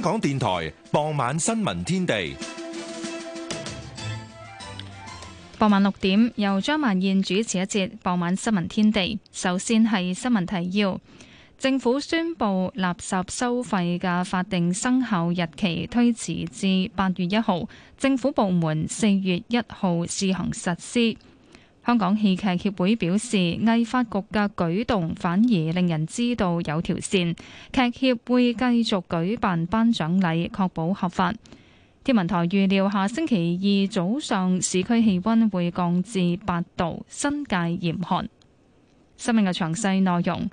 香港電台傍晚新聞天地，傍晚六點由張曼燕主持一節傍晚新聞天地。首先係新聞提要，政府宣布垃圾收費嘅法定生效日期推遲至八月一號，政府部門四月一號試行實施。香港戲劇協會表示，藝發局嘅舉動反而令人知道有條線，劇協會繼續舉辦頒獎禮確保合法。天文台預料下星期二早上市區氣溫會降至八度，新界嚴寒。新聞嘅詳細內容，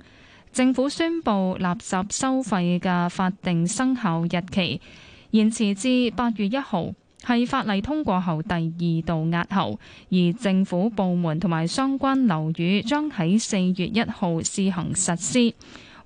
政府宣布垃圾收費嘅法定生效日期延遲至八月一號。係法例通過後第二度押後，而政府部門同埋相關樓宇將喺四月一號試行實施。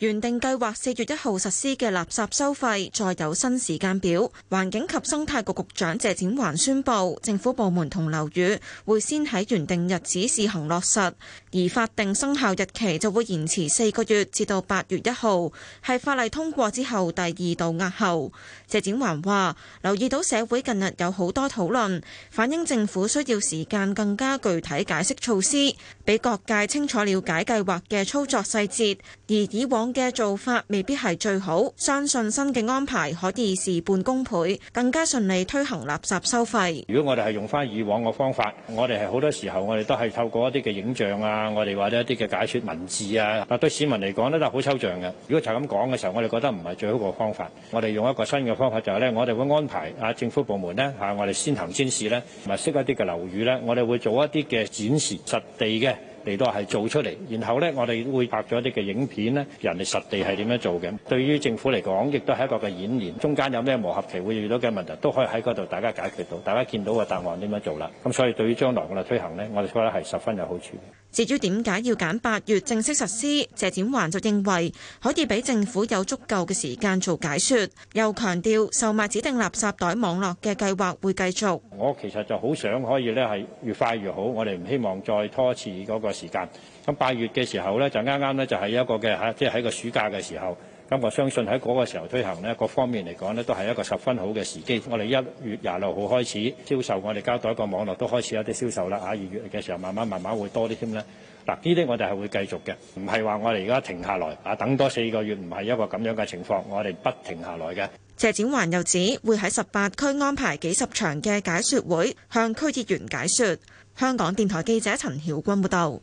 原定計劃四月一號實施嘅垃圾收費再有新時間表，環境及生態局局長謝展寰宣布，政府部門同樓宇會先喺原定日子試行落實。而法定生效日期就會延遲四個月，至到八月一號，係法例通過之後第二度押後。謝展寰話：留意到社會近日有好多討論反映政府需要時間更加具體解釋措施，俾各界清楚了解計劃嘅操作細節，而以往嘅做法未必係最好，相信新嘅安排可以事半功倍，更加順利推行垃圾收費。如果我哋係用翻以往嘅方法，我哋係好多時候我哋都係透過一啲嘅影像啊。啊！我哋或者一啲嘅解說文字啊，對市民嚟講咧都係好抽象嘅。如果就咁講嘅時候，我哋覺得唔係最好嘅方法。我哋用一個新嘅方法，就係咧，我哋會安排啊，政府部門咧吓，我哋先行先試咧，同埋識一啲嘅樓宇咧，我哋會做一啲嘅展示，實地嘅。嚟到係做出嚟，然後咧，我哋會拍咗一啲嘅影片咧，人哋實地係點樣做嘅。對於政府嚟講亦都係一個嘅演練，中間有咩磨合期，會遇到嘅問題都可以喺嗰度大家解決到，大家見到嘅答案點樣做啦。咁所以對於將來我哋推行咧，我哋覺得係十分有好處。至於點解要揀八月正式實施，謝展環就認為可以俾政府有足夠嘅時間做解說，又強調售賣指定垃圾袋網絡嘅計劃會繼續。我其實就好想可以咧，係越快越好，我哋唔希望再拖遲嗰個個時間，咁八月嘅時候呢，就啱啱呢，就係一個嘅嚇，即係喺個暑假嘅時候，咁我相信喺嗰個時候推行呢，各方面嚟講呢，都係一個十分好嘅時機。我哋一月廿六號開始銷售，我哋交代個網絡都開始有啲銷售啦。嚇，二月嘅時候慢慢慢慢會多啲添呢。嗱，呢啲我哋係會繼續嘅，唔係話我哋而家停下來啊，等多四個月唔係一個咁樣嘅情況，我哋不停下來嘅。謝展環又指會喺十八區安排幾十場嘅解說會，向區議員解說。香港電台記者陳曉君報道，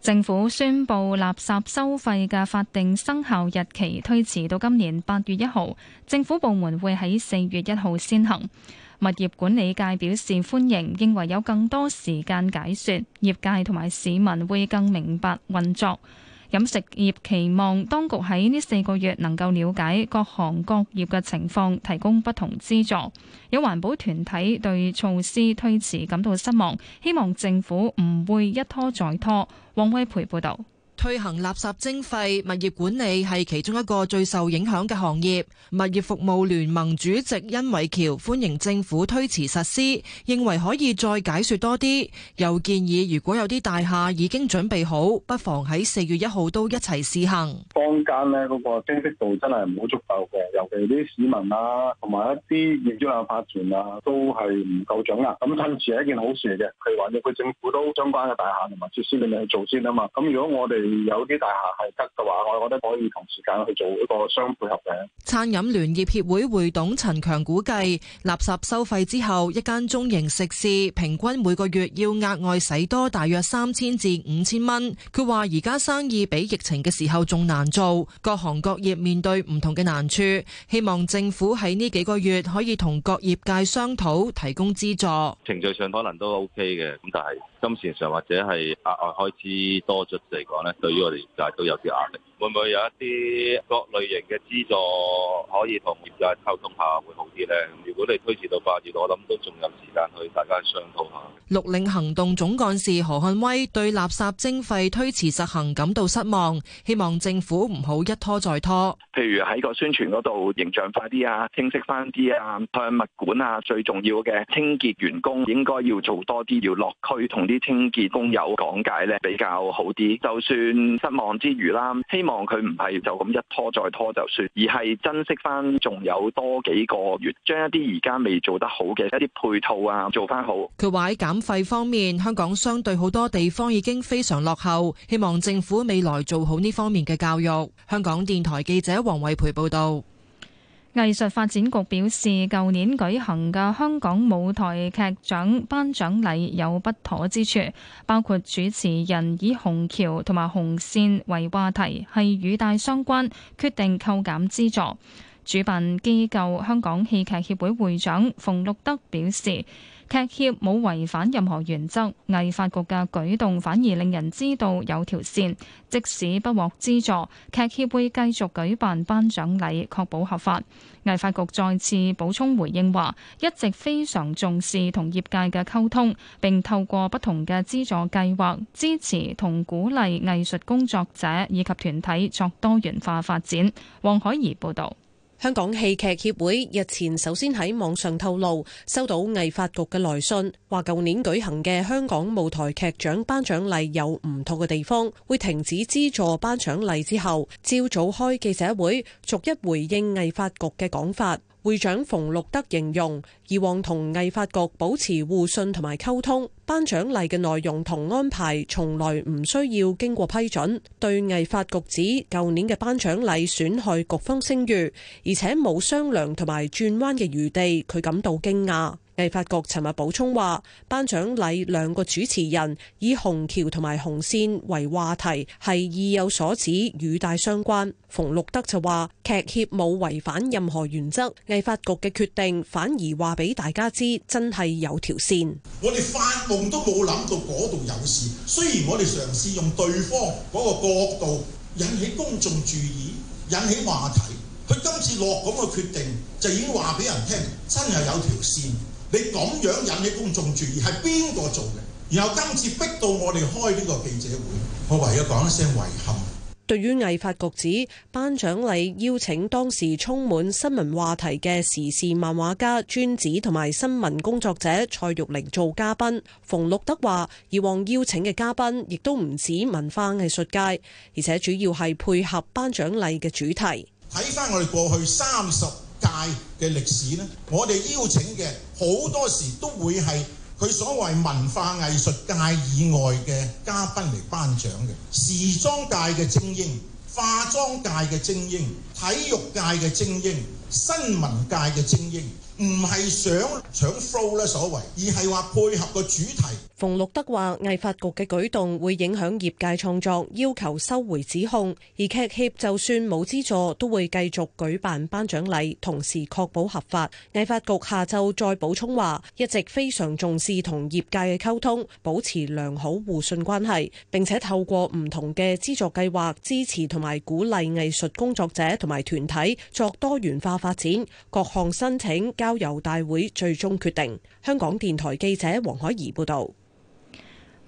政府宣布垃圾收費嘅法定生效日期推遲到今年八月一號，政府部門會喺四月一號先行。物業管理界表示歡迎，認為有更多時間解說，業界同埋市民會更明白運作。飲食業期望當局喺呢四個月能夠了解各行各業嘅情況，提供不同資助。有環保團體對措施推遲感到失望，希望政府唔會一拖再拖。王威培報導。推行垃圾徵費，物業管理係其中一個最受影響嘅行業，物業服務聯盟主席殷偉橋歡迎政府推遲實施，認為可以再解說多啲，又建議如果有啲大廈已經準備好，不妨喺四月一號都一齊試行。坊間咧嗰個清晰度真係唔好足夠嘅，尤其啲市民啊，同埋一啲業主有發言啊都係唔夠準啦，咁趁住係一件好事嚟嘅，譬如話要佢政府都相關嘅大廈同埋設施裡面去做先啊嘛。咁如果我哋有啲大廈係得嘅話，我覺得可以同時間去做一個相配合嘅。餐飲聯業協會會董陳強估計，垃圾收費之後一間中型食肆平均每個月要額外使多大約三千至五千蚊。佢話而家生意比疫情嘅時候仲難做，各行各業面對唔同嘅難處，希望政府喺呢幾個月可以同各業界商討提供資助。程序上可能都 OK 嘅，咁但係金錢上或者係額外開支多出嚟講咧。對於我哋而家都有啲壓力。會唔會有一啲各類型嘅資助可以同業界溝通下會好啲呢？如果你推遲到八月，我諗都仲有時間去大家商討下。綠領行動總幹事何漢威對垃圾徵費推遲實行感到失望，希望政府唔好一拖再拖。譬如喺個宣傳嗰度形象化啲啊，清晰翻啲啊，向物管啊最重要嘅清潔員工應該要做多啲，要落區同啲清潔工友講解咧比較好啲。就算失望之餘啦，希望。望佢唔係就咁一拖再拖就算，而係珍惜翻仲有多幾個月，將一啲而家未做得好嘅一啲配套啊，做翻好。佢話喺減廢方面，香港相對好多地方已經非常落後，希望政府未來做好呢方面嘅教育。香港電台記者黃慧培報道。藝術發展局表示，舊年舉行嘅香港舞台劇獎頒獎禮有不妥之處，包括主持人以紅橋同埋紅線為話題，係語帶相關，決定扣減資助。主辦機構香港戲劇協會會長馮祿德表示。劇協冇違反任何原則，藝發局嘅舉動反而令人知道有條線，即使不獲資助，劇協會繼續舉辦頒獎禮，確保合法。藝發局再次補充回應話，一直非常重視同業界嘅溝通，並透過不同嘅資助計劃支持同鼓勵藝術工作者以及團體作多元化發展。黃海怡報導。香港戲劇協會日前首先喺網上透露，收到藝發局嘅來信，話舊年舉行嘅香港舞台劇獎頒獎禮有唔妥嘅地方，會停止資助頒獎禮之後，朝早開記者會，逐一回應藝發局嘅講法。會長馮祿德形容。以往同藝發局保持互信同埋溝通，頒獎禮嘅內容同安排從來唔需要經過批准。對藝發局指舊年嘅頒獎禮損害局方聲譽，而且冇商量同埋轉彎嘅餘地，佢感到驚訝。藝發局尋日補充話，頒獎禮兩個主持人以紅橋同埋紅線為話題，係意有所指，語帶相關。馮祿德就話，劇協冇違反任何原則，藝發局嘅決定反而話。俾大家知，真係有條線。我哋發夢都冇諗到嗰度有事。雖然我哋嘗試用對方嗰個角度引起公眾注意，引起話題。佢今次落咁嘅決定，就已經話俾人聽，真係有條線。你咁樣引起公眾注意，係邊個做嘅？然後今次逼到我哋開呢個記者會，我唯有講一聲遺憾。對於藝發局指頒獎禮邀請當時充滿新聞話題嘅時事漫畫家尊子同埋新聞工作者蔡玉玲做嘉賓，馮祿德話以往邀請嘅嘉賓亦都唔止文化藝術界，而且主要係配合頒獎禮嘅主題。睇返我哋過去三十屆嘅歷史咧，我哋邀請嘅好多時都會係。佢所謂文化藝術界以外嘅嘉賓嚟頒獎嘅時裝界嘅精英、化妝界嘅精英、體育界嘅精英、新聞界嘅精英，唔係想搶 flow 咧所為，而係話配合個主題。馮祿德話：藝發局嘅舉動會影響業界創作，要求收回指控。而劇協就算冇資助，都會繼續舉辦頒獎禮，同時確保合法。藝發局下晝再補充話：一直非常重視同業界嘅溝通，保持良好互信關係，並且透過唔同嘅資助計劃支持同埋鼓勵藝術工作者同埋團體作多元化發展。各項申請交由大會最終決定。香港電台記者黃海怡報道。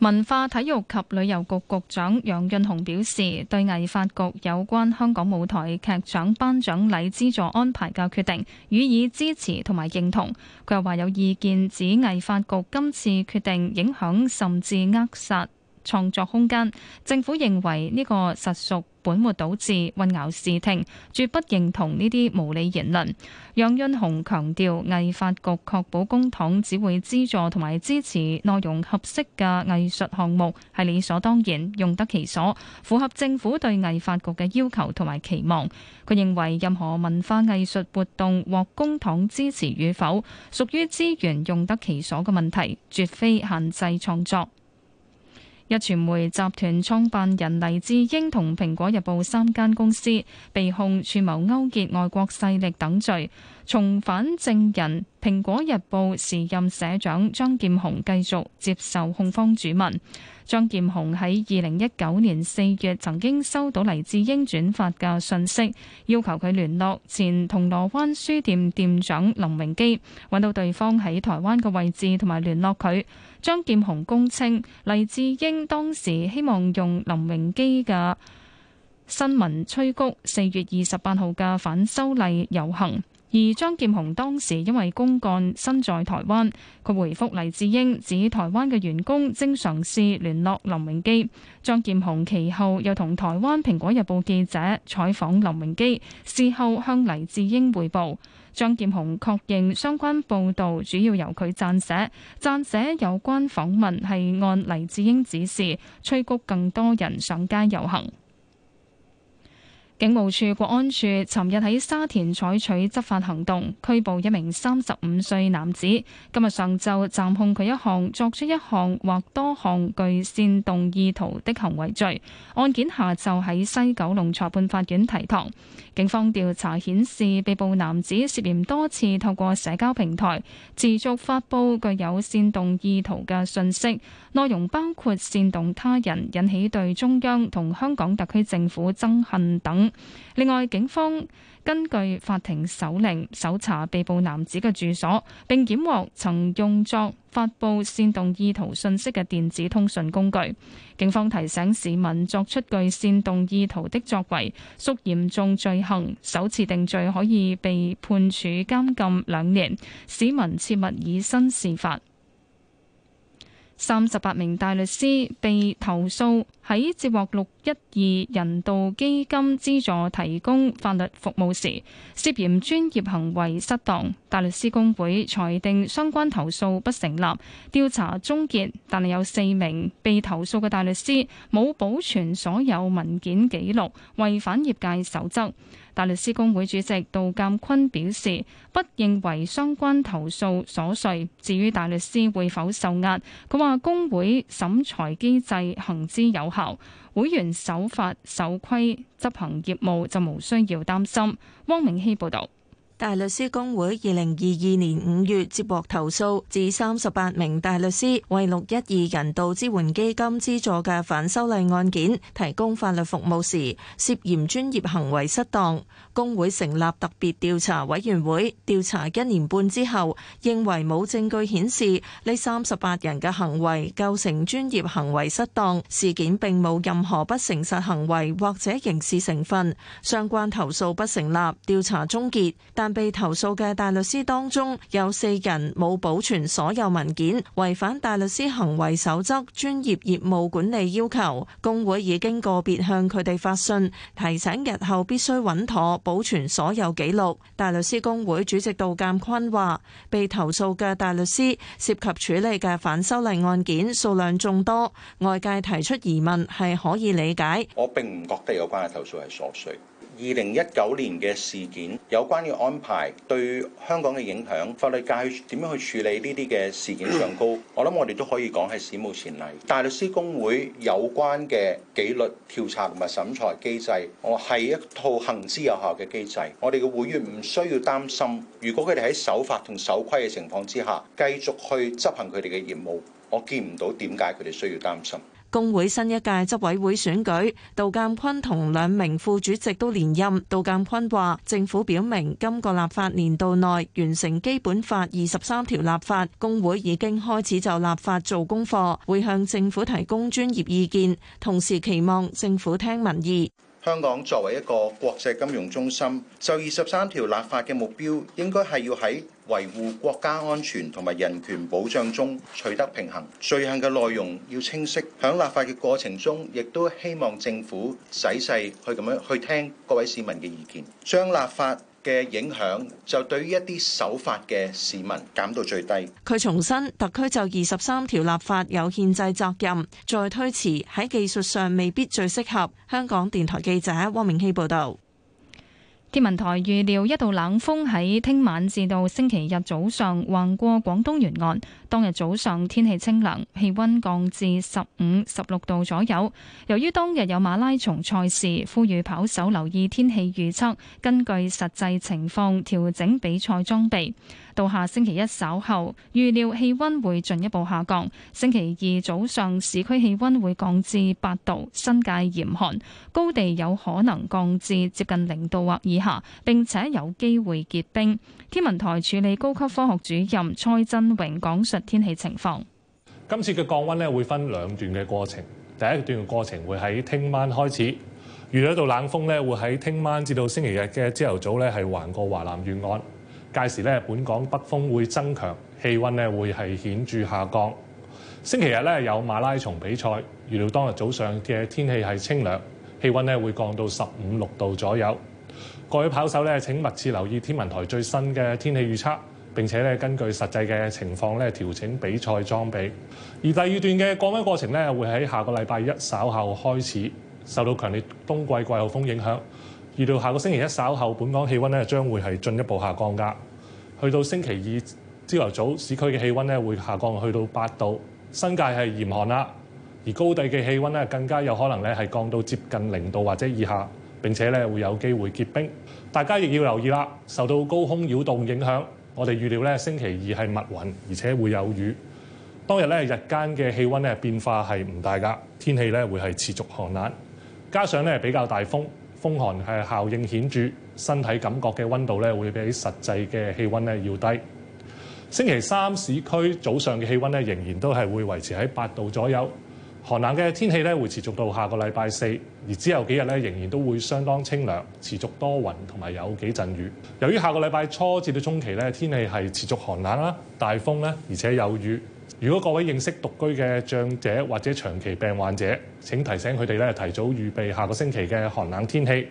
文化體育及旅遊局局長楊潤雄表示，對藝發局有關香港舞台劇獎頒獎禮資助安排嘅決定予以支持同埋認同。佢又話有意見指藝發局今次決定影響甚至扼殺創作空間，政府認為呢個實屬本末倒置、混淆視聽，絕不認同呢啲無理言論。楊潤雄強調，藝發局確保公帑只會資助同埋支持內容合適嘅藝術項目，係理所當然，用得其所，符合政府對藝發局嘅要求同埋期望。佢認為任何文化藝術活動或公帑支持與否，屬於資源用得其所嘅問題，絕非限制創作。壹傳媒集團創辦人黎智英同蘋果日報三間公司被控串謀勾結外國勢力等罪。重返證人，《蘋果日報》時任社長張劍虹繼續接受控方主問。張劍虹喺二零一九年四月曾經收到黎智英轉發嘅訊息，要求佢聯絡前銅鑼灣書店店長林榮基，揾到對方喺台灣嘅位置同埋聯絡佢。張劍虹供稱，黎智英當時希望用林榮基嘅新聞吹谷四月二十八號嘅反修例遊行。而張劍虹當時因為公幹身在台灣，佢回覆黎智英指台灣嘅員工正嘗試聯絡林榮基。張劍虹其後又同台灣《蘋果日報》記者採訪林榮基，事後向黎智英回報。張劍虹確認相關報導主要由佢撰寫，撰寫有關訪問係按黎智英指示，催谷更多人上街遊行。警務處國安處尋日喺沙田採取執法行動，拘捕一名三十五歲男子。今日上晝暫控佢一項作出一項或多項具煽動意圖的行為罪。案件下晝喺西九龍裁判法院提堂。警方調查顯示，被捕男子涉嫌多次透過社交平台持續發佈具有煽動意圖嘅訊息，內容包括煽動他人引起對中央同香港特區政府憎恨等。另外，警方根據法庭手令搜查被捕男子嘅住所，並檢獲曾用作發布煽動意圖信息嘅電子通訊工具。警方提醒市民作出具煽動意圖的作為，屬嚴重罪行，首次定罪可以被判處監禁兩年。市民切勿以身試法。三十八名大律師被投訴喺接獲六一二人道基金資助提供法律服務時，涉嫌專業行為失當。大律師公會裁定相關投訴不成立，調查終結。但係有四名被投訴嘅大律師冇保存所有文件記錄，違反業界守則。大律師公會主席杜淦堃表示，不認為相關投訴瑣碎。至於大律師會否受壓，佢話公會審裁機制行之有效，會員守法守規執行業務就無需要擔心。汪明希報導。大律師工會二零二二年五月接獲投訴，指三十八名大律師為六一二人道支援基金資助嘅反修例案件提供法律服務時，涉嫌專業行為失當。工會成立特別調查委員會調查一年半之後，認為冇證據顯示呢三十八人嘅行為構成專業行為失當。事件並冇任何不誠實行為或者刑事成分，相關投訴不成立，調查終結。但被投訴嘅大律師當中有四人冇保存所有文件，違反大律師行為守則、專業業務管理要求。工會已經個別向佢哋發信，提醒日後必須穩妥保存所有記錄。大律師工會主席杜鑒坤話：被投訴嘅大律師涉及處理嘅反修例案件數量眾多，外界提出疑問係可以理解。我並唔覺得有關嘅投訴係瑣碎。二零一九年嘅事件有關嘅安排對香港嘅影響，法律界點樣去處理呢啲嘅事件上高？我諗我哋都可以講係史無前例。大律師公會有關嘅紀律調查同埋審裁機制，我係一套行之有效嘅機制。我哋嘅會員唔需要擔心，如果佢哋喺守法同守規嘅情況之下，繼續去執行佢哋嘅業務，我見唔到點解佢哋需要擔心。工會新一屆執委會選舉，杜鑒坤同兩名副主席都連任。杜鑒坤話：政府表明今個立法年度內完成《基本法》二十三條立法，工會已經開始就立法做功課，會向政府提供專業意見，同時期望政府聽民意。香港作為一個國際金融中心，就二十三條立法嘅目標，應該係要喺維護國家安全同埋人權保障中取得平衡。罪行嘅內容要清晰，響立法嘅過程中，亦都希望政府仔細去咁樣去聽各位市民嘅意見，將立法嘅影響就對於一啲守法嘅市民減到最低。佢重申，特區就二十三條立法有憲制責任，再推遲喺技術上未必最適合。香港電台記者汪明熙報導。天文台預料一道冷鋒喺聽晚至到星期日早上橫過廣東沿岸，當日早上天氣清涼，氣溫降至十五、十六度左右。由於當日有馬拉松賽事，呼籲跑手留意天氣預測，根據實際情況調整比賽裝備。到下星期一稍後，預料氣温會進一步下降。星期二早上，市區氣温會降至八度，新界嚴寒，高地有可能降至接近零度或以下，並且有機會結冰。天文台助理高級科學主任蔡振榮講述天氣情況。今次嘅降温咧，會分兩段嘅過程。第一段嘅過程會喺聽晚開始，預料一道冷風咧，會喺聽晚至到星期日嘅朝頭早咧，係橫過華南沿岸。屆時咧，本港北風會增強，氣温咧會係顯著下降。星期日咧有馬拉松比賽，預料當日早上嘅天氣係清涼，氣温咧會降到十五六度左右。各位跑手咧，請密切留意天文台最新嘅天氣預測，並且咧根據實際嘅情況咧調整比賽裝備。而第二段嘅降温過程咧會喺下個禮拜一稍後開始，受到強烈冬季季候風影響。預料下個星期一稍後，本港氣温咧將會係進一步下降㗎。去到星期二朝頭早，市區嘅氣温咧會下降去到八度，新界係嚴寒啦。而高地嘅氣温咧更加有可能咧係降到接近零度或者以下，並且咧會有機會結冰。大家亦要留意啦，受到高空擾動影響，我哋預料咧星期二係密雲，而且會有雨。當日咧日間嘅氣温咧變化係唔大㗎，天氣咧會係持續寒冷，加上咧比較大風。風寒係效應顯著，身體感覺嘅温度咧會比實際嘅氣温咧要低。星期三市區早上嘅氣温咧仍然都係會維持喺八度左右，寒冷嘅天氣咧會持續到下個禮拜四，而之後幾日咧仍然都會相當清涼，持續多雲同埋有幾陣雨。由於下個禮拜初至到中期咧天氣係持續寒冷啦，大風咧而且有雨。如果各位認識獨居嘅長者或者長期病患者，請提醒佢哋提早預備下個星期嘅寒冷天氣。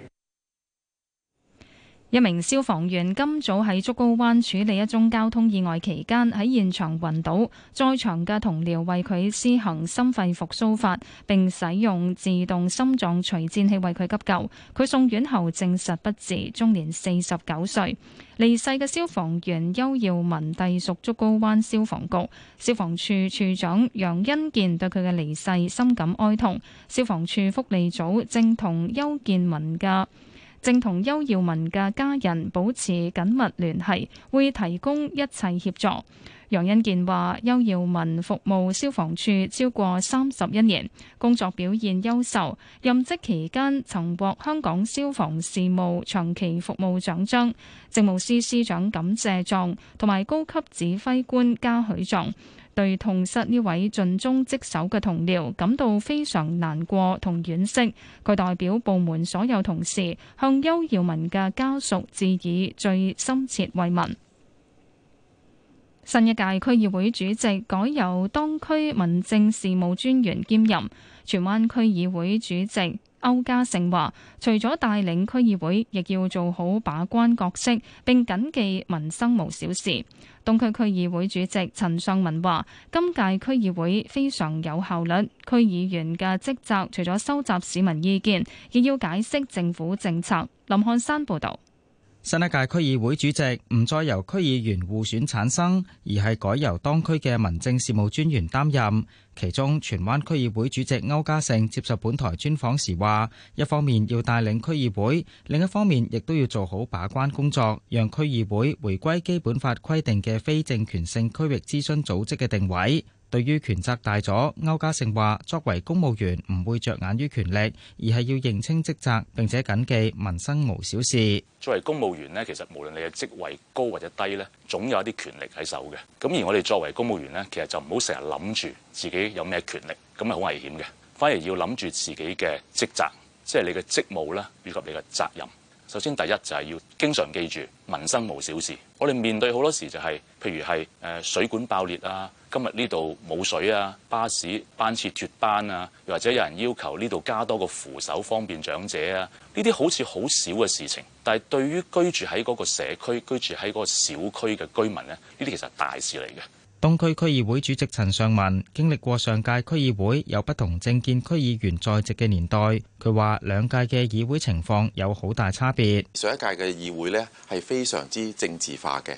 一名消防員今早喺竹篙灣處理一宗交通意外期間，喺現場暈倒，在場嘅同僚為佢施行心肺復蘇法，並使用自動心臟除顫器為佢急救。佢送院後證實不治，終年四十九歲。離世嘅消防員邱耀文隸屬竹篙灣消防局，消防處處長楊恩健對佢嘅離世深感哀痛。消防處福利組正同邱建文嘅正同邱耀文嘅家人保持緊密聯繫，會提供一切協助。楊恩健話：邱耀文服務消防處超過三十一年，工作表現優秀，任職期間曾獲香港消防事務長期服務獎章、政務司司長感謝狀同埋高級指揮官嘉許狀。對痛失呢位盡忠職守嘅同僚感到非常難過同惋惜，佢代表部門所有同事向邱耀文嘅家屬致以最深切慰問。新一屆區議會主席改由當區民政事務專員兼任，荃灣區議會主席。歐家盛話，除咗帶領區議會，亦要做好把關角色，並謹記民生無小事。東區區議會主席陳尚文話，今屆區議會非常有效率，區議員嘅職責除咗收集市民意見，亦要解釋政府政策。林漢山報道。新一屆區議會主席唔再由區議員互選產生，而係改由當區嘅民政事務專員擔任。其中，荃灣區議會主席歐家勝接受本台專訪時話：一方面要帶領區議會，另一方面亦都要做好把關工作，讓區議會回歸基本法規定嘅非政權性區域諮詢組織嘅定位。對於權責大咗，歐家勝話：作為公務員唔會着眼於權力，而係要認清職責，並且謹記民生無小事。作為公務員咧，其實無論你嘅職位高或者低咧，總有一啲權力喺手嘅。咁而我哋作為公務員咧，其實就唔好成日諗住自己有咩權力，咁係好危險嘅。反而要諗住自己嘅職責，即係你嘅職務咧，以及你嘅責任。首先第一就係要經常記住民生無小事。我哋面對好多時就係，譬如係誒水管爆裂啊。今日呢度冇水啊，巴士班次脫班啊，又或者有人要求呢度加多個扶手方便長者啊，呢啲好似好少嘅事情，但係對於居住喺嗰個社區居住喺嗰個小區嘅居民咧，呢啲其實係大事嚟嘅。東區區議會主席陳尚文經歷過上屆區議會有不同政見區議員在席嘅年代，佢話兩屆嘅議會情況有好大差別。上一屆嘅議會咧，係非常之政治化嘅。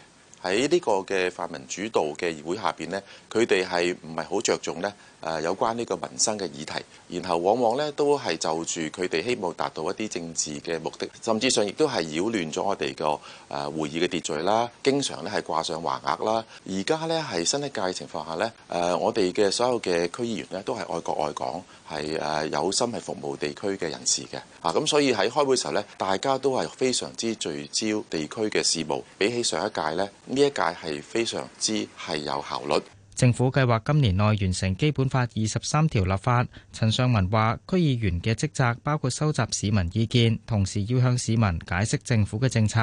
喺呢個嘅泛民主導嘅議會下邊，咧，佢哋係唔係好着重咧？誒、啊、有關呢個民生嘅議題，然後往往呢都係就住佢哋希望達到一啲政治嘅目的，甚至上亦都係擾亂咗我哋個誒會議嘅秩序啦、啊。經常咧係掛上橫額啦。而家呢係新一屆情況下呢，誒、啊、我哋嘅所有嘅區議員呢都係愛國愛港，係誒、啊、有心係服務地區嘅人士嘅。啊，咁所以喺開會時候呢，大家都係非常之聚焦地區嘅事務，比起上一屆呢，呢一屆係非常之係有效率。政府計劃今年內完成《基本法》二十三條立法。陳尚文話：區議員嘅職責包括收集市民意見，同時要向市民解釋政府嘅政策。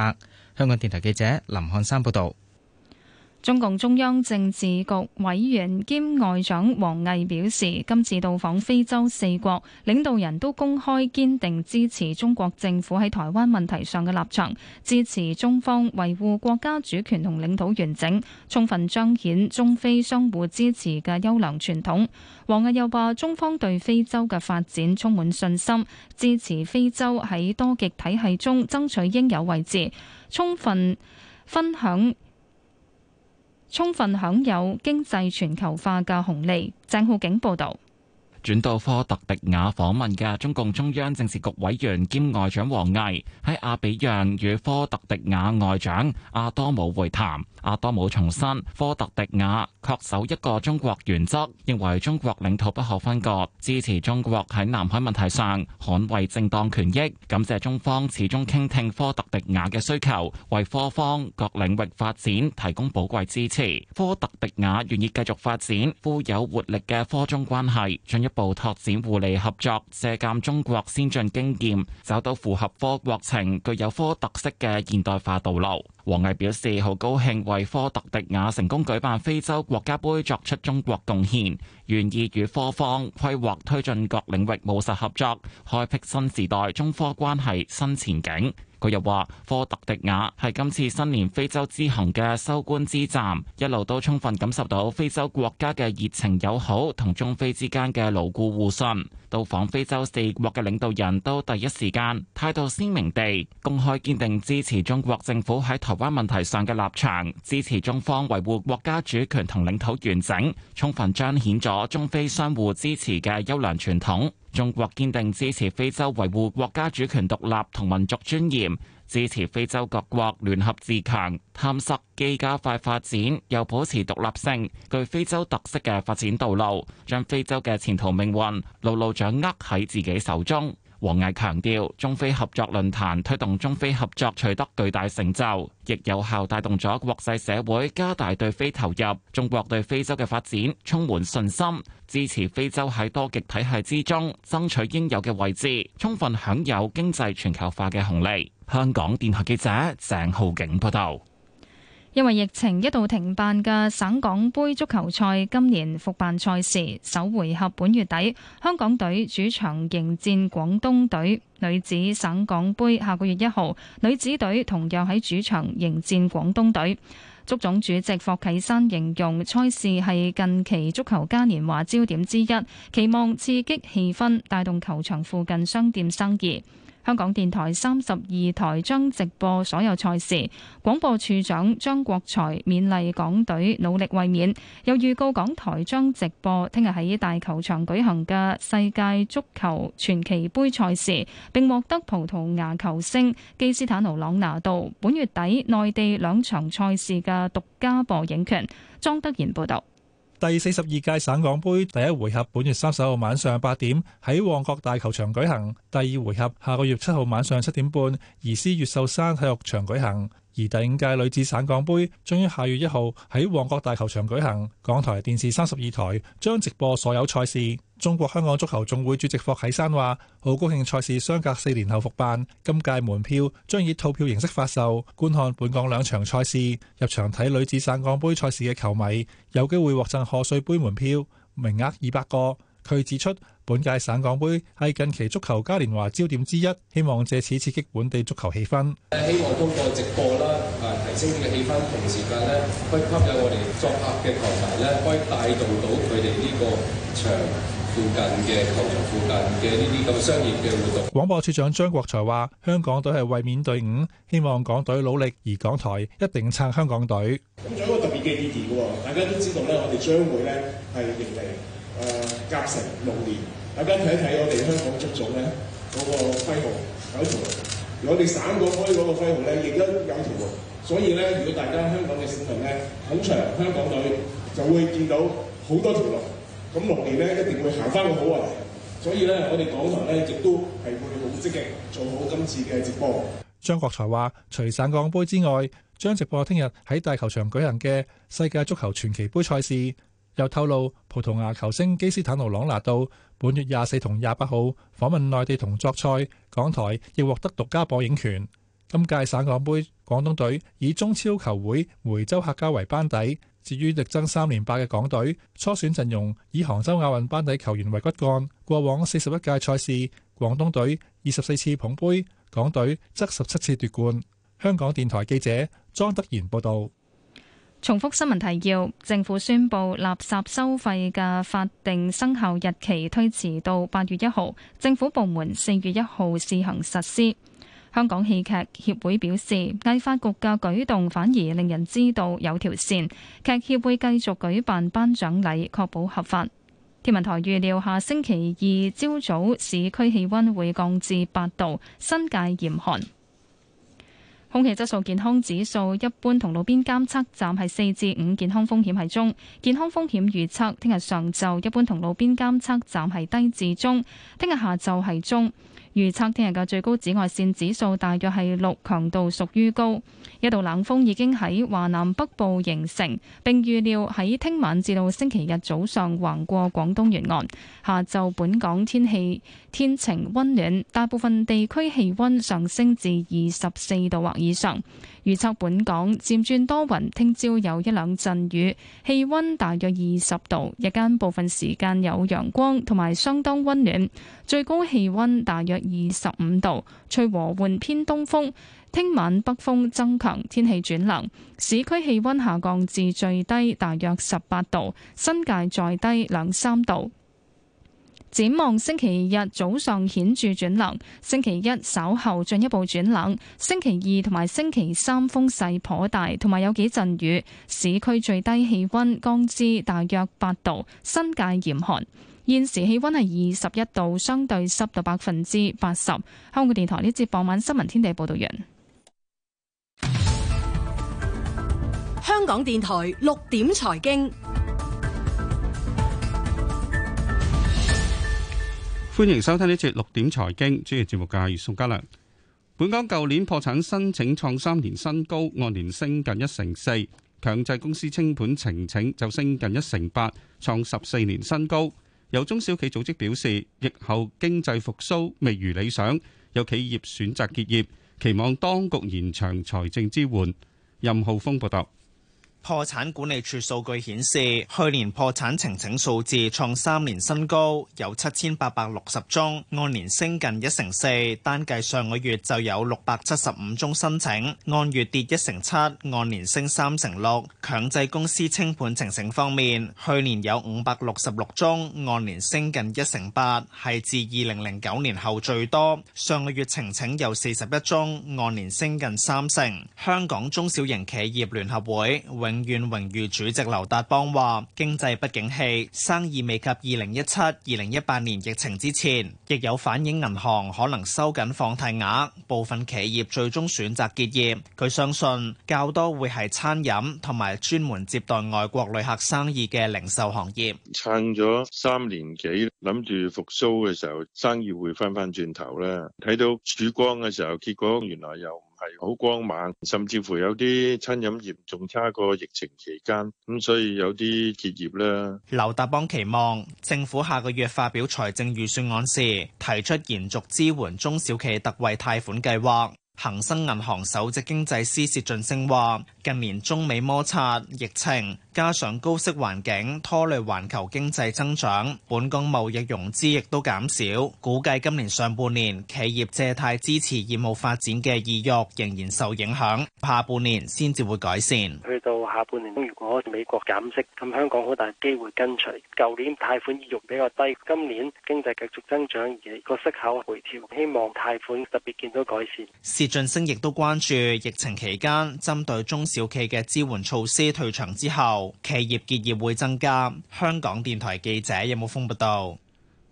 香港電台記者林漢山報導。中共中央政治局委員兼外長王毅表示，今次到訪非洲四國，領導人都公開堅定支持中國政府喺台灣問題上嘅立場，支持中方維護國家主權同領土完整，充分彰顯中非相互支持嘅優良傳統。王毅又話，中方對非洲嘅發展充滿信心，支持非洲喺多極體系中爭取應有位置，充分分享。充分享有經濟全球化嘅紅利。鄭浩景報道。轉到科特迪瓦訪問嘅中共中央政治局委員兼外長王毅喺阿比揚與科特迪瓦外長阿多姆會談。阿多姆重申科特迪瓦恪守一個中國原則，認為中國領土不可分割，支持中國喺南海問題上捍衛正當權益。感謝中方始終傾聽科特迪瓦嘅需求，為科方各領域發展提供寶貴支持。科特迪瓦願意繼續發展富有活力嘅科中關係，進一步拓展互利合作，借鑒中國先進經驗，找到符合科國情、具有科特色嘅現代化道路。王毅表示，好高興為科特迪瓦成功舉辦非洲國家杯作出中國貢獻，願意與科方規劃推進各領域務實合作，開闢新時代中科關係新前景。佢又話科特迪瓦係今次新年非洲之行嘅收官之站，一路都充分感受到非洲國家嘅熱情友好同中非之間嘅牢固互信。到訪非洲四國嘅領導人都第一時間態度鮮明地公開堅定支持中國政府喺台灣問題上嘅立場，支持中方維護國家主權同領土完整，充分彰顯咗中非相互支持嘅優良傳統。中國堅定支持非洲維護國家主權獨立同民族尊嚴，支持非洲各國聯合自強，探索既加快發展又保持獨立性、具非洲特色嘅發展道路，將非洲嘅前途命運牢牢掌握喺自己手中。王毅強調，中非合作論壇推動中非合作取得巨大成就，亦有效帶動咗國際社會加大對非投入。中國對非洲嘅發展充滿信心，支持非洲喺多極體系之中爭取應有嘅位置，充分享有經濟全球化嘅紅利。香港電台記者鄭浩景報道。因為疫情一度停辦嘅省港杯足球賽，今年復辦，賽事首回合本月底，香港隊主場迎戰廣東隊。女子省港杯下個月一號，女子隊同樣喺主場迎戰廣東隊。足總主席霍啟山形容賽事係近期足球嘉年華焦點之一，期望刺激氣氛，帶動球場附近商店生意。香港電台三十二台將直播所有賽事，廣播處長張國才勉勵港隊努力衛冕，又預告港台將直播聽日喺大球場舉行嘅世界足球傳奇盃賽事，並獲得葡萄牙球星基斯坦奴朗拿度本月底內地兩場賽事嘅獨家播映權。莊德賢報道。第四十二屆省港杯第一回合本月三十號晚上八點喺旺角大球場舉行，第二回合下個月七號晚上七點半移師越秀山體育場舉行。而第五屆女子省港杯將於下月一號喺旺角大球場舉行，港台電視三十二台將直播所有賽事。中國香港足球總會主席霍啟山話，好高興賽事相隔四年後復辦，今屆門票將以套票形式發售。觀看本港兩場賽事、入場睇女子省港杯賽事嘅球迷有機會獲贈賀歲杯門票，名額二百個，佢指出。本屆省港杯係近期足球嘉年華焦點之一，希望借此刺激本地足球氣氛。希望通過直播啦，提升呢嘅氣氛，同時間呢，可以吸引我哋作客嘅球迷，呢可以帶動到佢哋呢個場附近嘅球場附近嘅呢啲咁商業嘅活動。廣播處長張國才話：香港隊係為面對伍，希望港隊努力，而港台一定撐香港隊。咁仲有一個特別嘅意點喎，大家都知道咧，我哋將會咧係人哋，誒，隔成六年，大家睇一睇我哋香港足總咧嗰個輝煌有條路，我哋省港杯嗰個輝煌咧亦都有條路，所以咧，如果大家香港嘅市民咧捧場香港隊，就會見到好多條路。咁六年咧一定會行翻個好運，所以咧，我哋港台咧亦都係會好積極做好今次嘅直播。張國才話：除省港杯之外，將直播聽日喺大球場舉行嘅世界足球傳奇杯賽事。又透露葡萄牙球星基斯坦奴朗拿度本月廿四同廿八號訪問內地同作賽，港台亦獲得獨家播映權。今屆省港杯，廣東隊以中超球會梅州客家為班底；至於力爭三連霸嘅港隊初選陣容以杭州亞運班底球員為骨幹，過往四十一屆賽事，廣東隊二十四次捧杯，港隊則十七次奪冠。香港電台記者莊德賢報道。重複新聞提要：政府宣布垃圾收費嘅法定生效日期推遲到八月一號，政府部門四月一號試行實施。香港戲劇協會表示，藝發局嘅舉動反而令人知道有條線，劇協會繼續舉辦頒獎禮，確保合法。天文台預料下星期二朝早市區氣温會降至八度，新界嚴寒。空氣質素健康指數一般同路邊監測站係四至五，健康風險係中。健康風險預測聽日上晝一般同路邊監測站係低至中，聽日下晝係中。預測聽日嘅最高紫外線指數大約係六，強度屬於高。一度冷風已經喺華南北部形成，並預料喺聽晚至到星期日早上橫過廣東沿岸。下晝本港天氣天晴温暖，大部分地區氣温上升至二十四度或以上。預測本港漸轉多雲，聽朝有一兩陣雨，氣溫大約二十度，日間部分時間有陽光同埋相當溫暖，最高氣溫大約二十五度，吹和緩偏東風。聽晚北風增強，天氣轉冷，市區氣溫下降至最低大約十八度，新界再低兩三度。展望星期日早上顯著轉冷，星期一稍後進一步轉冷，星期二同埋星期三風勢頗大，同埋有幾陣雨。市區最低氣溫降至大約八度，新界嚴寒。現時氣溫係二十一度，相對濕度百分之八十。香港電台呢節傍晚新聞天地報道完。香港電台六點財經。歡迎收聽呢節六點財經，主持節目嘅係宋家良。本港舊年破產申請創三年新高，按年升近一成四。強制公司清盤呈請就升近一成八，創十四年新高。有中小企組織表示，疫後經濟復甦未如理想，有企業選擇結業，期望當局延長財政支援。任浩峰報道。破產管理處數據顯示，去年破產呈請數字創三年新高，有七千八百六十宗，按年升近一成四。單計上個月就有六百七十五宗申請，按月跌一成七，按年升三成六。強制公司清盤呈請方面，去年有五百六十六宗，按年升近一成八，係自二零零九年後最多。上個月呈請有四十一宗，按年升近三成。香港中小型企業聯合會永院榮譽主席劉達邦話：經濟不景氣，生意未及二零一七、二零一八年疫情之前，亦有反映銀行可能收緊放貸額，部分企業最終選擇結業。佢相信較多會係餐飲同埋專門接待外國旅客生意嘅零售行業撐咗三年幾，諗住復蘇嘅時候生意會翻翻轉頭啦，睇到曙光嘅時候，結果原來又，好光猛，甚至乎有啲餐飲業仲差過疫情期間，咁所以有啲結業啦。劉達邦期望政府下個月發表財政預算案時，提出延續支援中小企特惠貸款計劃。恒生銀行首席經濟師薛俊升話，近年中美摩擦、疫情加上高息環境拖累環球經濟增長，本港貿易融資亦都減少。估計今年上半年企業借貸支持業務發展嘅意欲仍然受影響，下半年先至會改善。去到下半年，如果美國減息，咁香港好大機會跟隨。舊年貸款意欲比較低，今年經濟繼續增長，而個息口回調，希望貸款特別見到改善。葉進升亦都關注疫情期間針對中小企嘅支援措施退場之後，企業結業會增加。香港電台記者任慕峰報道。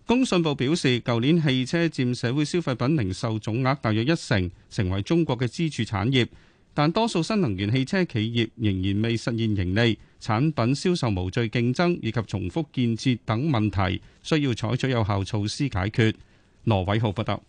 工信部表示，舊年汽車佔社會消費品零售總額大約一成，成為中國嘅支柱產業。但多數新能源汽車企業仍然未實現盈利，產品銷售無序競爭以及重複建設等問題，需要採取有效措施解決。羅偉浩報道。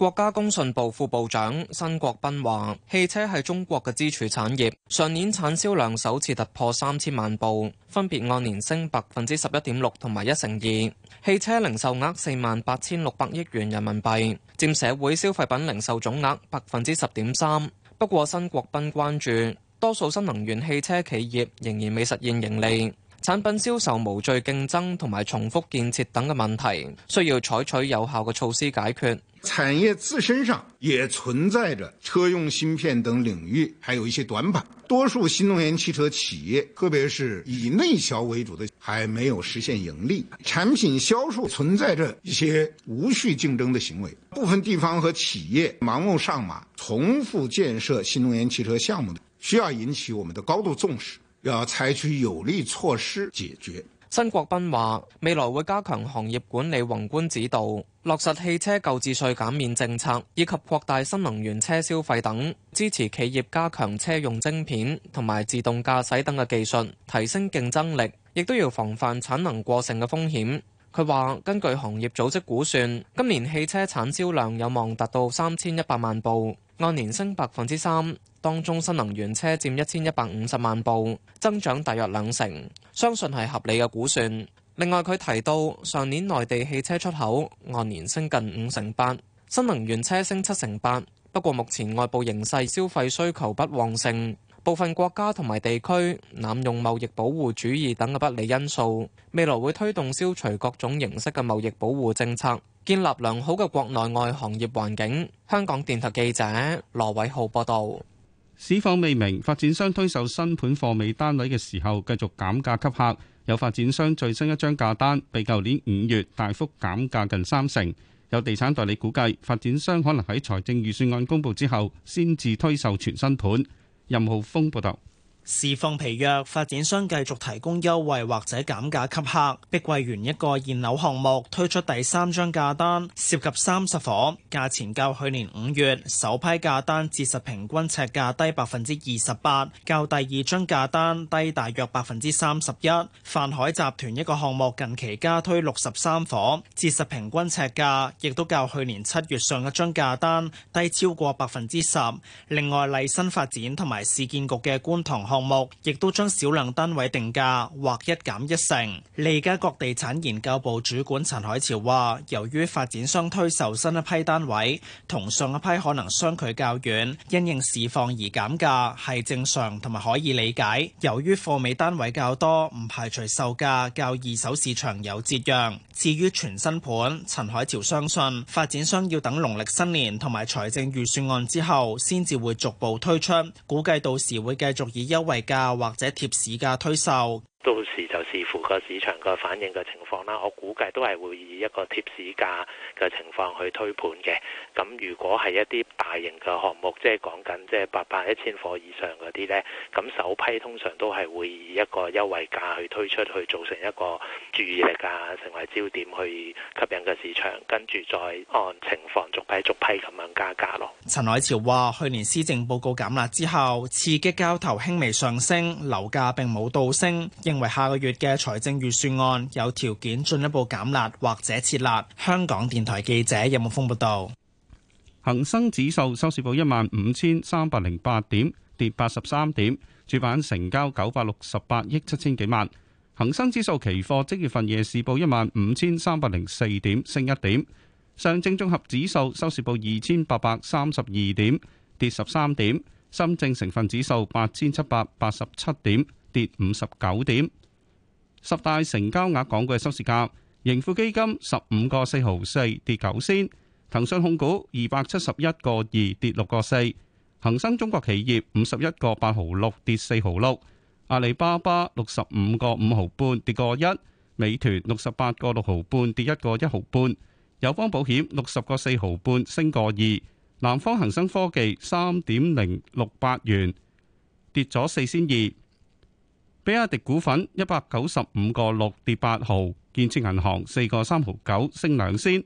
國家工信部副部長申國斌話，汽車係中國嘅支柱產業，上年產銷量首次突破三千萬部，分別按年升百分之十一點六同埋一成二。汽車零售額四萬八千六百億元人民幣，占社會消費品零售總額百分之十點三。不過，申國斌關注，多數新能源汽車企業仍然未實現盈利。產品銷售無序競爭同埋重複建設等嘅問題，需要採取有效嘅措施解決。產業自身上也存在着車用芯片等領域，還有一些短板。多數新能源汽車企業，特別是以內銷為主的，還沒有實現盈利。產品銷售存在着一些無序競爭嘅行為，部分地方和企業盲目上馬、重複建設新能源汽車項目，需要引起我們的高度重視。要採取有力措施解決。辛國斌話，未來會加強行業管理、宏觀指導，落實汽車購置稅減免政策以及擴大新能源車消費等，支持企業加強車用晶片同埋自動駕駛等嘅技術，提升競爭力，亦都要防範產能過剩嘅風險。佢話，根據行業組織估算，今年汽車產銷量有望達到三千一百萬部，按年升百分之三。當中新能源車佔一千一百五十萬部，增長大約兩成，相信係合理嘅估算。另外，佢提到上年內地汽車出口按年升近五成八，新能源車升七成八。不過，目前外部形勢消費需求不旺盛，部分國家同埋地區濫用貿易保護主義等嘅不利因素，未來會推動消除各種形式嘅貿易保護政策，建立良好嘅國內外行業環境。香港電台記者羅偉浩報道。市況未明，發展商推售新盤貨尾單位嘅時候，繼續減價吸客。有發展商最新一張價單，比舊年五月大幅減價近三成。有地產代理估計，發展商可能喺財政預算案公布之後，先至推售全新盤。任浩峰報道。市況疲弱，發展商繼續提供優惠或者減價吸客。碧桂園一個現樓項目推出第三張價單，涉及三十伙，價錢較去年五月首批價單折實平均尺價低百分之二十八，較第二張價單低大約百分之三十一。泛海集團一個項目近期加推六十三伙，折實平均尺價亦都較去年七月上一張價單低超過百分之十。另外，麗新發展同埋市建局嘅觀塘項目亦都將少量單位定價劃一減一成。利嘉閣地產研究部主管陳海潮話，由於發展商推售新一批單位，同上一批可能相距較遠，因應市況而減價係正常同埋可以理解。由於貨尾單位較多，唔排除售價較二手市場有折讓。至於全新盤，陳海潮相信發展商要等農曆新年同埋財政預算案之後先至會逐步推出。估計到時會繼續以優。優惠價或者貼市價推售。到時就視乎個市場個反應嘅情況啦，我估計都係會以一個貼市價嘅情況去推盤嘅。咁如果係一啲大型嘅項目，即係講緊即係八百一千伙以上嗰啲呢，咁首批通常都係會以一個優惠價去推出，去造成一個注意力啊，成為焦點去吸引個市場，跟住再按情況逐批逐批咁樣加價咯。陳海潮話：去年施政報告減壓之後，刺激交投輕微上升，樓價並冇倒升。認為下個月嘅財政預算案有條件進一步減辣或者撤辣。香港電台記者任木峰報道。恒生指數收市報一萬五千三百零八點，跌八十三點。主板成交九百六十八億七千幾萬。恒生指數期貨即月份夜市報一萬五千三百零四點，升一點。上證綜合指數收市報二千八百三十二點，跌十三點。深證成分指數八千七百八十七點。跌五十九點，十大成交額港股嘅收市價，盈富基金十五個四毫四跌九仙，騰訊控股二百七十一個二跌六個四，恒生中國企業五十一個八毫六跌四毫六，阿里巴巴六十五個五毫半跌個一，美團六十八個六毫半跌一個一毫半，友邦保險六十個四毫半升個二，南方恒生科技三點零六八元跌咗四仙二。比亞迪股份一百九十五個六跌八毫，建設銀行四個三毫九升兩仙，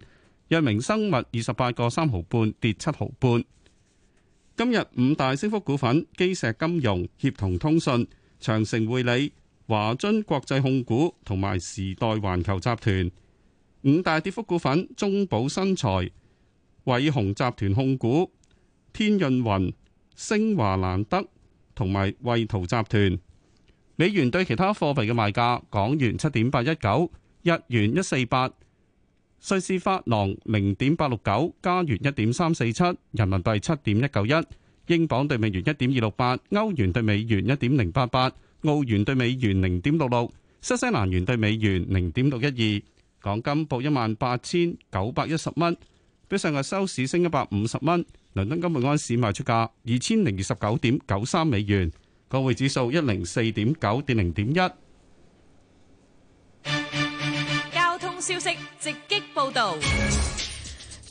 藥明生物二十八個三毫半跌七毫半。今日五大升幅股份：基石金融、協同通信、長城匯理、華津國際控股同埋時代環球集團。五大跌幅股份：中寶新材、偉鴻集團控股、天潤雲、星華蘭德同埋惠圖集團。美元對其他貨幣嘅賣價：港元七點八一九，日元一四八，瑞士法郎零點八六九，加元一點三四七，人民幣七點一九一，英鎊對美元一點二六八，歐元對美元一點零八八，澳元對美元零點六六，新西蘭元對美元零點六一二。港金報一萬八千九百一十蚊，比上日收市升一百五十蚊。倫敦金每安士賣出價二千零二十九點九三美元。個匯指數一零四點九，跌零點一。交通消息，直擊報道。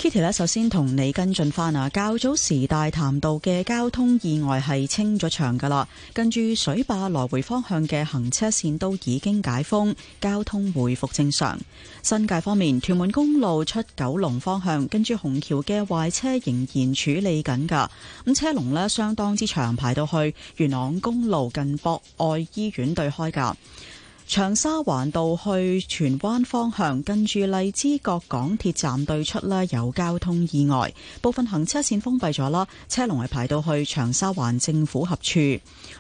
Kitty 呢，首先同你跟進翻啊！較早時大潭道嘅交通意外係清咗場噶啦，跟住水壩來回方向嘅行車線都已經解封，交通回復正常。新界方面，屯門公路出九龍方向，跟住虹橋嘅壞車仍然處理緊噶，咁車龍呢，相當之長，排到去元朗公路近博愛醫院對開噶。長沙灣道去荃灣方向，近住荔枝角港鐵站對出呢有交通意外，部分行車線封閉咗啦，車龍係排到去長沙灣政府合署。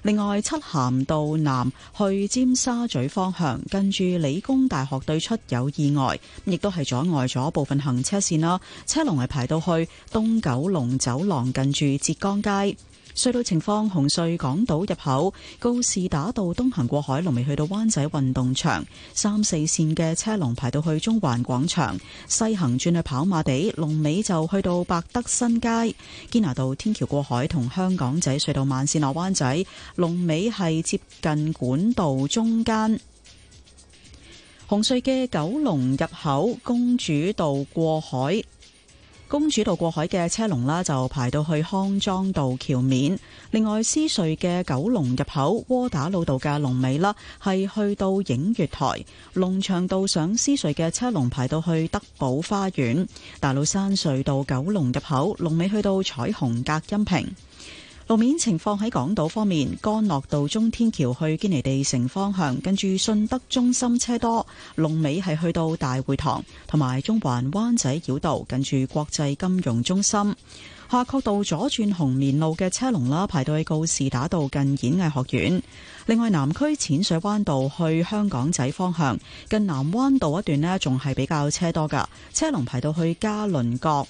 另外，漆咸道南去尖沙咀方向，近住理工大學對出有意外，亦都係阻礙咗部分行車線啦，車龍係排到去東九龍走廊近住浙江街。隧道情況：紅隧港島入口高士打道東行過海龍尾去到灣仔運動場，三四線嘅車龍排到去中環廣場；西行轉去跑馬地龍尾就去到百德新街堅拿道天橋過海同香港仔隧道慢線落灣仔龍尾係接近管道中間。紅隧嘅九龍入口公主道過海。公主道過海嘅車龍啦，就排到去康莊道橋面。另外，獅隧嘅九龍入口窩打老道嘅龍尾啦，係去到映月台。龍翔道上獅隧嘅車龍排到去德寶花園。大老山隧道九龍入口龍尾去到彩虹隔音屏。路面情況，喺港島方面，干諾道中天橋去堅尼地城方向，跟住信德中心車多，龍尾係去到大會堂，同埋中環灣仔繞道近住國際金融中心。下角道左轉紅棉路嘅車龍啦，排到去告士打道近演藝學院。另外南區淺，南區淺水灣道去香港仔方向，近南灣道一段呢，仲係比較車多噶，車龍排到去嘉麟閣。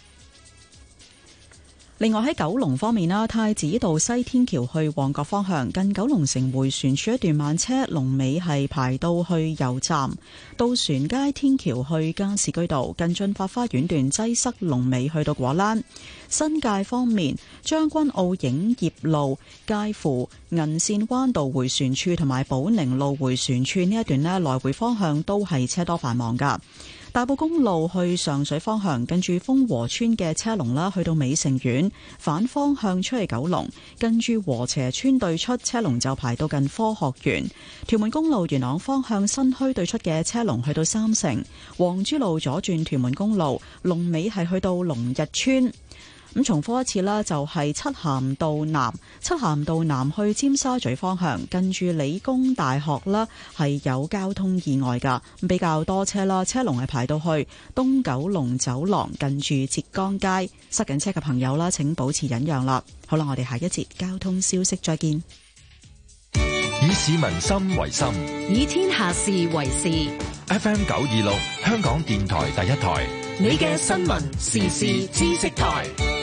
另外喺九龍方面啦，太子道西天橋去旺角方向，近九龍城回旋處一段慢車，龍尾係排到去油站；渡船街天橋去加士居道，近駿發花園段擠塞，龍尾去到果欄。新界方面，將軍澳影業路介乎銀線灣道回旋處同埋寶寧路回旋處呢一段呢，來回方向都係車多繁忙噶。大埔公路去上水方向，跟住豐和村嘅車龍啦，去到美城苑；反方向出去九龍，跟住禾輋邨對出車龍就排到近科學園。屯門公路元朗方向新墟對出嘅車龍去到三聖。皇珠路左轉屯門公路，龍尾係去到龍日村。咁重複一次啦，就係、是、漆咸道南，漆咸道南去尖沙咀方向，近住理工大學啦，係有交通意外噶，比較多車啦，車龍係排到去東九龍走廊，近住浙江街，塞緊車嘅朋友啦，請保持忍讓啦。好啦，我哋下一節交通消息，再見。以市民心為心，以天下事為事。FM 九二六，香港電台第一台，你嘅新聞時事知識台。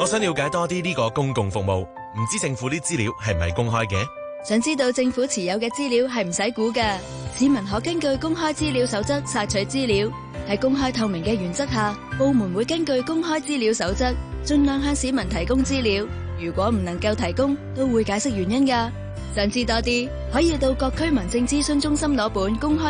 我想了解多啲呢個公共服務，唔知政府啲資料係咪公開嘅？想知道政府持有嘅資料係唔使估嘅，市民可根據公開資料守則索取資料。喺公開透明嘅原則下，部門會根據公開資料守則，盡量向市民提供資料。如果唔能夠提供，都會解釋原因噶。想知多啲，可以到各區民政諮詢中心攞本公開。